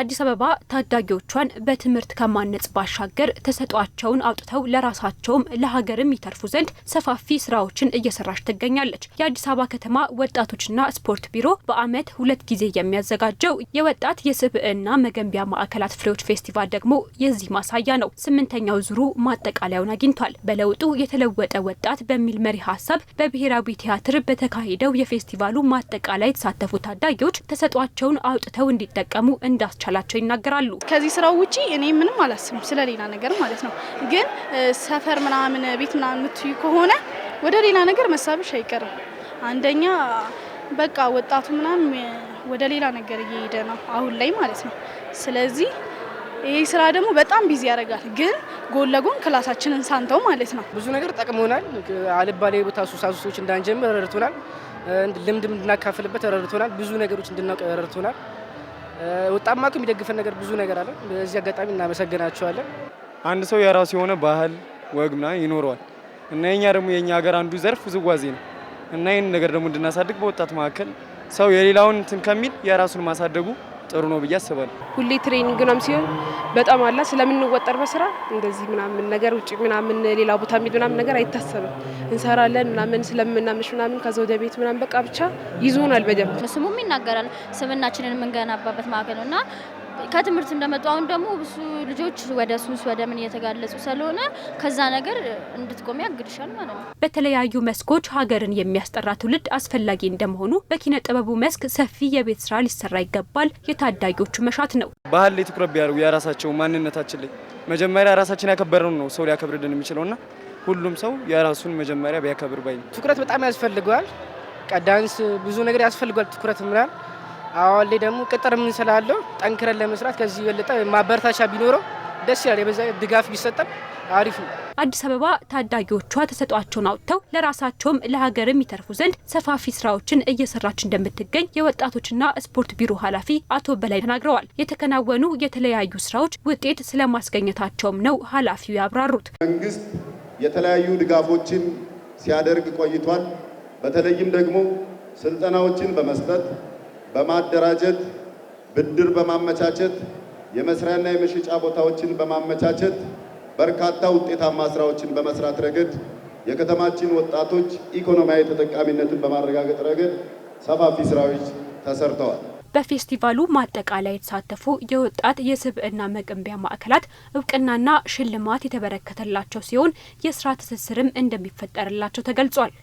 አዲስ አበባ ታዳጊዎቿን በትምህርት ከማነጽ ባሻገር ተሰጧቸውን አውጥተው ለራሳቸውም ለሀገርም ይተርፉ ዘንድ ሰፋፊ ስራዎችን እየሰራች ትገኛለች። የአዲስ አበባ ከተማ ወጣቶችና ስፖርት ቢሮ በዓመት ሁለት ጊዜ የሚያዘጋጀው የወጣት የስብዕና መገንቢያ ማዕከላት ፍሬዎች ፌስቲቫል ደግሞ የዚህ ማሳያ ነው። ስምንተኛው ዙሩ ማጠቃለያውን አግኝቷል። በለውጡ የተለወጠ ወጣት በሚል መሪ ሀሳብ በብሔራዊ ቲያትር በተካሄደው የፌስቲቫሉ ማጠቃለያ የተሳተፉ ታዳጊዎች ተሰጧቸውን አውጥተው እንዲጠቀሙ እንዳስቻ እንደሚቻላቸው ይናገራሉ። ከዚህ ስራው ውጪ እኔ ምንም አላስብም ስለሌላ ነገር ማለት ነው። ግን ሰፈር ምናምን ቤት ምናምን የምትዩ ከሆነ ወደ ሌላ ነገር መሳብሽ አይቀርም። አንደኛ በቃ ወጣቱ ምናምን ወደ ሌላ ነገር እየሄደ ነው አሁን ላይ ማለት ነው። ስለዚህ ይህ ስራ ደግሞ በጣም ቢዚ ያደርጋል። ግን ጎን ለጎን ክላሳችንን ሳንተው ማለት ነው ብዙ ነገር ጠቅሞናል። አልባሌ ቦታ ሱሳሱሶች እንዳንጀምር ረድቶናል። ልምድም እንድናካፍልበት ረድቶናል። ብዙ ነገሮች እንድናውቅ ረድቶናል። ወጣ ማክ የሚደግፈን ነገር ብዙ ነገር አለ። በዚህ አጋጣሚ እናመሰግናቸዋለን። አንድ ሰው የራሱ የሆነ ባህል ወግ ምናምን ይኖረዋል እና የኛ ደግሞ የኛ ሀገር አንዱ ዘርፍ ውዝዋዜ ነው እና ይህን ነገር ደግሞ እንድናሳድግ በወጣት መካከል ሰው የሌላውን እንትን ከሚል የራሱን ማሳደጉ ጥሩ ነው ብዬ አስባለሁ። ሁሌ ትሬኒንግ ነው ሲሆን በጣም አላ ስለምንወጠር በስራ እንደዚህ ምናምን ነገር ውጭ ምናምን ሌላ ቦታ የሚሄድ ምናምን ነገር አይታሰብም። እንሰራለን ምናምን ስለምናምሽ ምናምን ከዛ ወደ ቤት ምናምን በቃ ብቻ ይዞናል በደንብ ስሙም ይናገራል። ስምናችንን የምንገናባበት ማዕከል ነው እና ከትምህርት እንደመጡ አሁን ደግሞ ብዙ ልጆች ወደ ሱስ ወደ ምን እየተጋለጹ ስለሆነ ከዛ ነገር እንድትቆሚ ያግድሻል ማለት ነው። በተለያዩ መስኮች ሀገርን የሚያስጠራ ትውልድ አስፈላጊ እንደመሆኑ በኪነ ጥበቡ መስክ ሰፊ የቤት ስራ ሊሰራ ይገባል፣ የታዳጊዎቹ መሻት ነው። ባህል ላይ ትኩረት ቢያደርጉ የራሳቸው ማንነታችን ላይ መጀመሪያ ራሳችን ያከበረውን ነው ሰው ሊያከብርልን ና ሁሉም ሰው የራሱን መጀመሪያ ቢያከብር ባይ ትኩረት በጣም ያስፈልገዋል። ቀዳንስ ብዙ ነገር ያስፈልገዋል ትኩረት ምናል አሁን ላይ ደግሞ ቅጥርም ስላለው ጠንክረን ለመስራት ከዚህ የበለጠ ማበረታቻ ቢኖረው ደስ ይላል። የበዛ ድጋፍ ቢሰጠም አሪፍ ነው። አዲስ አበባ ታዳጊዎቿ ተሰጧቸውን አውጥተው ለራሳቸውም ለሀገርም ይተርፉ ዘንድ ሰፋፊ ስራዎችን እየሰራች እንደምትገኝ የወጣቶችና ስፖርት ቢሮ ኃላፊ አቶ በላይ ተናግረዋል። የተከናወኑ የተለያዩ ስራዎች ውጤት ስለማስገኘታቸውም ነው ኃላፊው ያብራሩት። መንግስት የተለያዩ ድጋፎችን ሲያደርግ ቆይቷል። በተለይም ደግሞ ስልጠናዎችን በመስጠት በማደራጀት ብድር በማመቻቸት የመስሪያና የመሸጫ ቦታዎችን በማመቻቸት በርካታ ውጤታማ ስራዎችን በመስራት ረገድ የከተማችን ወጣቶች ኢኮኖሚያዊ ተጠቃሚነትን በማረጋገጥ ረገድ ሰፋፊ ስራዎች ተሰርተዋል። በፌስቲቫሉ ማጠቃላይ የተሳተፉ የወጣት የስብዕና መገንቢያ ማዕከላት እውቅናና ሽልማት የተበረከተላቸው ሲሆን የስራ ትስስርም እንደሚፈጠርላቸው ተገልጿል።